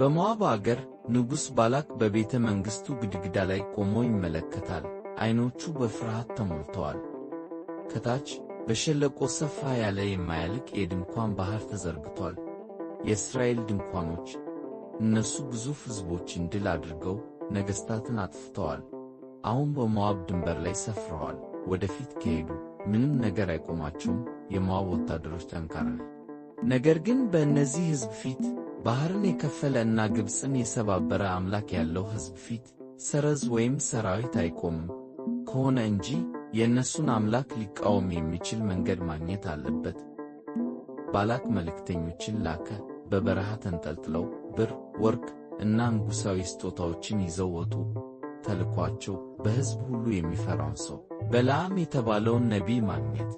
በሞዓብ አገር ንጉሥ ባላቅ በቤተ መንግሥቱ ግድግዳ ላይ ቆሞ ይመለከታል። ዐይኖቹ በፍርሃት ተሞልተዋል። ከታች በሸለቆ ሰፋ ያለ የማያልቅ የድንኳን ባሕር ተዘርግቷል። የእስራኤል ድንኳኖች እነሱ ግዙፍ ሕዝቦችን ድል አድርገው ነገሥታትን አጥፍተዋል። አሁን በሞዓብ ድንበር ላይ ሰፍረዋል። ወደፊት ከሄዱ ምንም ነገር አይቆማቸውም። የሞዓብ ወታደሮች ጠንካራ። ነገር ግን በእነዚህ ሕዝብ ፊት ባህርን የከፈለ እና ግብፅን የሰባበረ አምላክ ያለው ሕዝብ ፊት ሰረዝ ወይም ሰራዊት አይቆምም ከሆነ እንጂ የእነሱን አምላክ ሊቃወም የሚችል መንገድ ማግኘት አለበት። ባላክ መልእክተኞችን ላከ። በበረሃ ተንጠልጥለው ብር፣ ወርቅ እና ንጉሣዊ ስጦታዎችን ይዘው ወጡ። ተልኳቸው በሕዝብ ሁሉ የሚፈራውን ሰው በለዓም የተባለውን ነቢይ ማግኘት።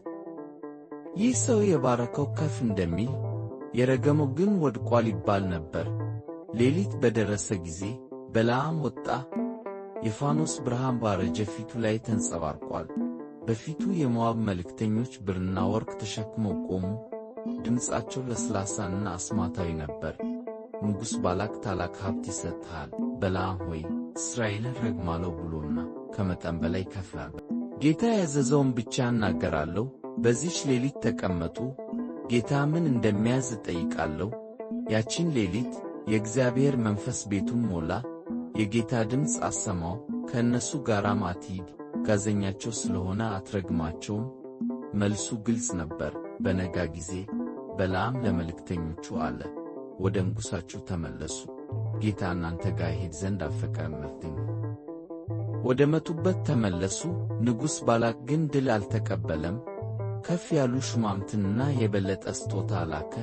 ይህ ሰው የባረከው ከፍ እንደሚል የረገመው ግን ወድቋል ይባል ነበር። ሌሊት በደረሰ ጊዜ በለዓም ወጣ። የፋኖስ ብርሃን ባረጀ ፊቱ ላይ ተንጸባርቋል። በፊቱ የሞዓብ መልእክተኞች ብርና ወርቅ ተሸክመው ቆሙ። ድምፃቸው ለስላሳና አስማታዊ ነበር። ንጉሥ ባላክ ታላቅ ሀብት ይሰጥሃል፣ በለዓም ሆይ እስራኤልን ረግማለው ብሎና ከመጠን በላይ ከፍላል። ጌታ ያዘዘውን ብቻ እናገራለሁ። በዚች ሌሊት ተቀመጡ። ጌታ ምን እንደሚያዝ እጠይቃለሁ። ያቺን ሌሊት የእግዚአብሔር መንፈስ ቤቱን ሞላ። የጌታ ድምፅ አሰማው፣ ከእነሱ ጋራም አትሂድ፣ ጋዘኛቸው ስለሆነ አትረግማቸውም። መልሱ ግልጽ ነበር። በነጋ ጊዜ በለዓም ለመልእክተኞቹ አለ፣ ወደ ንጉሣችሁ ተመለሱ፣ ጌታ እናንተ ጋር ይሄድ ዘንድ አልፈቀደምልኝ። ወደ መጡበት ተመለሱ። ንጉሥ ባላቅ ግን ድል አልተቀበለም። ከፍ ያሉ ሹማምትንና የበለጠ ስጦታ ላከ።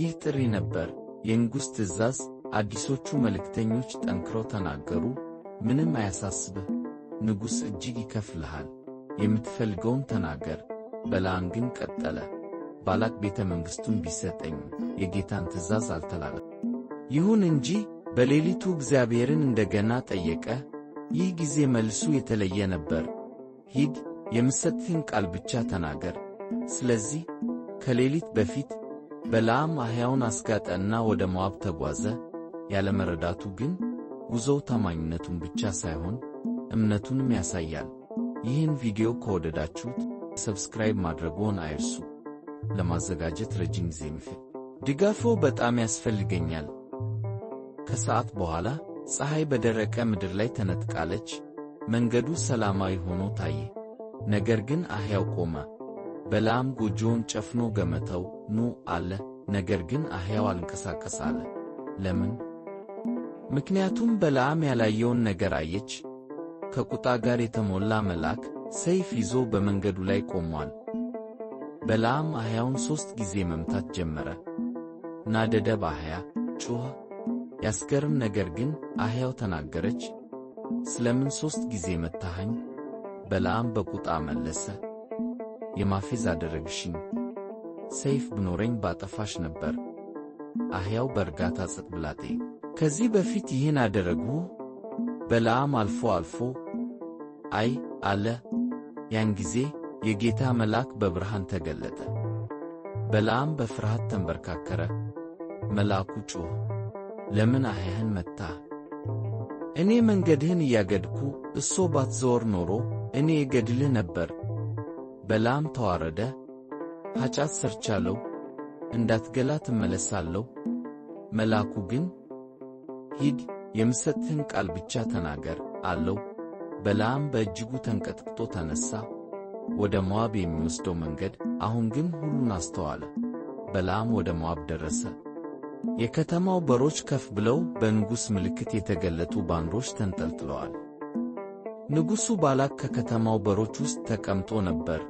ይህ ጥሪ ነበር፣ የንጉሥ ትእዛዝ። አዲሶቹ መልእክተኞች ጠንክረው ተናገሩ። ምንም አያሳስብህ፣ ንጉሥ እጅግ ይከፍልሃል። የምትፈልገውን ተናገር። በላን ግን ቀጠለ። ባላቅ ቤተ መንግሥቱን ቢሰጠኝ የጌታን ትእዛዝ አልተላለፈም። ይሁን እንጂ በሌሊቱ እግዚአብሔርን እንደገና ጠየቀ። ይህ ጊዜ መልሱ የተለየ ነበር። ሂድ፣ የምሰጥህን ቃል ብቻ ተናገር ስለዚህ ከሌሊት በፊት በለዓም አህያውን አስጋጠና ወደ ሞዓብ ተጓዘ። ያለመረዳቱ ግን ጉዞው ታማኝነቱን ብቻ ሳይሆን እምነቱንም ያሳያል። ይህን ቪዲዮ ከወደዳችሁት ሰብስክራይብ ማድረግዎን አይርሱ። ለማዘጋጀት ረጅም ጊዜ የሚፈጅ ድጋፎ በጣም ያስፈልገኛል። ከሰዓት በኋላ ፀሐይ በደረቀ ምድር ላይ ተነጥቃለች። መንገዱ ሰላማዊ ሆኖ ታየ፣ ነገር ግን አህያው ቆመ። በላም ጎጆውን ጨፍኖ ገመተው ኑ አለ። ነገር ግን አህያው አልንቀሳቀስ አለ። ለምን? ምክንያቱም በላም ያላየውን ነገር አየች። ከቁጣ ጋር የተሞላ መልአክ ሰይፍ ይዞ በመንገዱ ላይ ቆሟል። በላም አህያውን ሦስት ጊዜ መምታት ጀመረ። ናደደ፣ በአህያ ጮኸ። ያስገርም ነገር ግን አህያው ተናገረች። ስለምን ሦስት ጊዜ መታኸኝ? በላም በቁጣ መለሰ የማፌዝ አደረግሽኝ። ሰይፍ ብኖረኝ ባጠፋሽ ነበር። አህያው በእርጋታ ጸጥ ብላጤ ከዚህ በፊት ይህን አደረግሁ። በለዓም አልፎ አልፎ አይ አለ። ያን ጊዜ የጌታ መልአክ በብርሃን ተገለጠ። በለዓም በፍርሃት ተንበርካከረ። መልአኩ ጮኸ፣ ለምን አህያህን መታ እኔ መንገድህን እያገድኩ እሶ ባትዘወር ኖሮ እኔ እገድልህ ነበር በላም ተዋረደ፣ ኃጢአት ሰርቻለሁ፣ እንዳትገላ ትመለሳለሁ። መልአኩ ግን ሂድ፣ የምሰጥህን ቃል ብቻ ተናገር አለው። በላም በእጅጉ ተንቀጥቅጦ ተነሳ ወደ ሞዓብ የሚወስደው መንገድ። አሁን ግን ሁሉን አስተዋለ። በላም ወደ ሞዓብ ደረሰ። የከተማው በሮች ከፍ ብለው በንጉሥ ምልክት የተገለጡ ባንዶች ተንጠልጥለዋል። ንጉሡ ባላክ ከከተማው በሮች ውስጥ ተቀምጦ ነበር።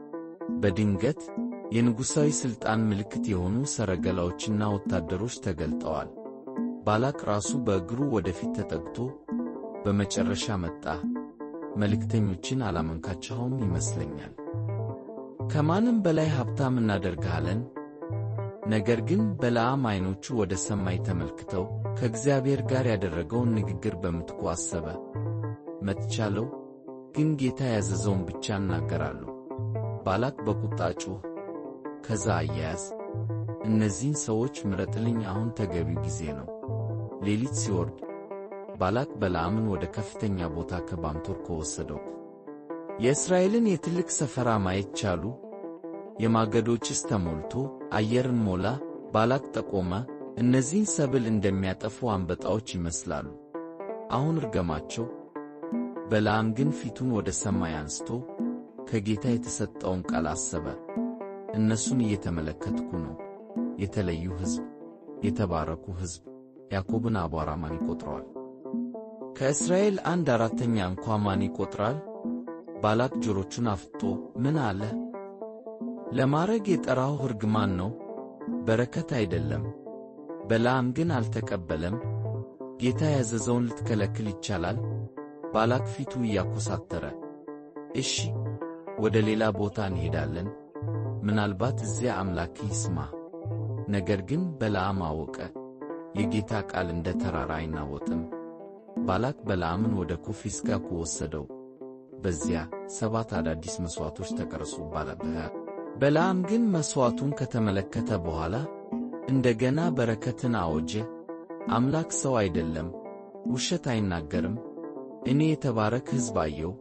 በድንገት የንጉሣዊ ሥልጣን ምልክት የሆኑ ሰረገላዎችና ወታደሮች ተገልጠዋል። ባላቅ ራሱ በእግሩ ወደፊት ተጠግቶ በመጨረሻ መጣ። መልእክተኞችን አላመንካቸውም ይመስለኛል። ከማንም በላይ ሀብታም እናደርግሃለን። ነገር ግን በለዓም ዐይኖቹ ወደ ሰማይ ተመልክተው ከእግዚአብሔር ጋር ያደረገውን ንግግር በምትኩ አሰበ። መትቻለሁ፣ ግን ጌታ ያዘዘውን ብቻ እናገራለሁ። ባላቅ በቁጣ ከዛ አያያዝ እነዚህን ሰዎች ምረጥልኝ፣ አሁን ተገቢው ጊዜ ነው። ሌሊት ሲወርድ ባላቅ በለዓምን ወደ ከፍተኛ ቦታ ከባምቶር ከወሰደው የእስራኤልን የትልቅ ሰፈራ ማየት ቻሉ። የማገዶ ጭስ ተሞልቶ አየርን ሞላ። ባላቅ ጠቆመ፣ እነዚህን ሰብል እንደሚያጠፉ አንበጣዎች ይመስላሉ። አሁን እርገማቸው። በለዓም ግን ፊቱን ወደ ሰማይ አንስቶ ከጌታ የተሰጠውን ቃል አሰበ። እነሱን እየተመለከትኩ ነው። የተለዩ ሕዝብ፣ የተባረኩ ሕዝብ፣ ያዕቆብን አቧራ ማን ይቆጥረዋል። ከእስራኤል አንድ አራተኛ እንኳ ማን ይቆጥራል ባላቅ ጆሮቹን አፍጦ ምን አለ? ለማረግ የጠራሁህ እርግማን ነው፣ በረከት አይደለም። በላም ግን አልተቀበለም። ጌታ ያዘዘውን ልትከለክል ይቻላል? ባላቅ ፊቱ እያኮሳተረ እሺ ወደ ሌላ ቦታ እንሄዳለን። ምናልባት እዚያ አምላክ ይስማ። ነገር ግን በለዓም አወቀ። የጌታ ቃል እንደ ተራራ አይናወጥም። ባላክ በለዓምን ወደ ኮፊስጋኩ ወሰደው። በዚያ ሰባት አዳዲስ መሥዋዕቶች ተቀረጹ። በለዓም ግን መሥዋዕቱን ከተመለከተ በኋላ እንደገና በረከትን አወጀ። አምላክ ሰው አይደለም፣ ውሸት አይናገርም። እኔ የተባረክ ሕዝብ አየው።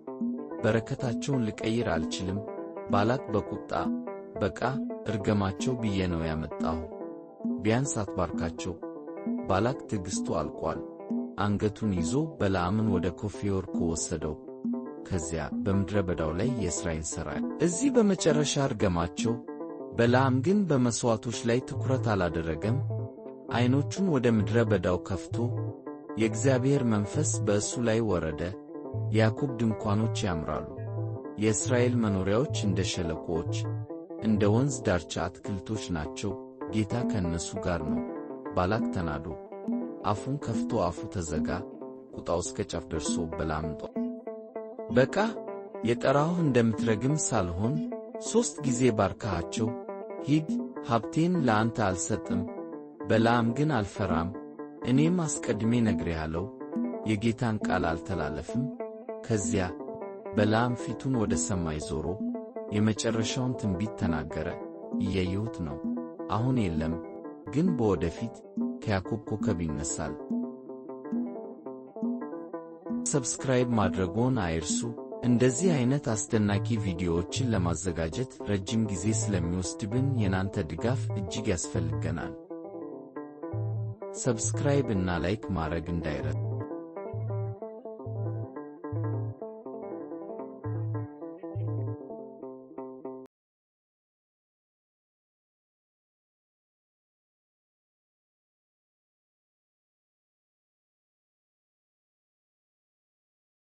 በረከታቸውን ልቀይር አልችልም። ባላቅ በቁጣ በቃ እርገማቸው ብዬ ነው ያመጣሁ። ቢያንስ አትባርካቸው። ባላቅ ትዕግሥቱ አልቋል። አንገቱን ይዞ በለዓምን ወደ ኮፌወር ወሰደው። ከዚያ በምድረ በዳው ላይ የእስራኤል ሠራ። እዚህ በመጨረሻ እርገማቸው። በለዓም ግን በመሥዋዕቶች ላይ ትኩረት አላደረገም። ዐይኖቹን ወደ ምድረ በዳው ከፍቶ የእግዚአብሔር መንፈስ በእሱ ላይ ወረደ። ያዕቆብ ድንኳኖች ያምራሉ። የእስራኤል መኖሪያዎች እንደ ሸለቆዎች፣ እንደ ወንዝ ዳርቻ አትክልቶች ናቸው። ጌታ ከእነሱ ጋር ነው። ባላክ ተናዶ አፉን ከፍቶ አፉ ተዘጋ፣ ቁጣው እስከ ጫፍ ደርሶ በላምጦ በቃ የጠራሁህ እንደምትረግም ሳልሆን ሦስት ጊዜ ባርካሃቸው። ሂድ ሀብቴን ለአንተ አልሰጥም። በላም ግን አልፈራም፣ እኔም አስቀድሜ ነግሬሃለሁ። የጌታን ቃል አልተላለፍም። ከዚያ በላም ፊቱን ወደ ሰማይ ዞሮ የመጨረሻውን ትንቢት ተናገረ። እያየሁት ነው፣ አሁን የለም፣ ግን በወደፊት ከያዕቆብ ኮከብ ይነሳል። ሰብስክራይብ ማድረግዎን አይርሱ። እንደዚህ አይነት አስደናቂ ቪዲዮዎችን ለማዘጋጀት ረጅም ጊዜ ስለሚወስድብን የናንተ ድጋፍ እጅግ ያስፈልገናል። ሰብስክራይብ እና ላይክ ማድረግ እንዳይረሳ።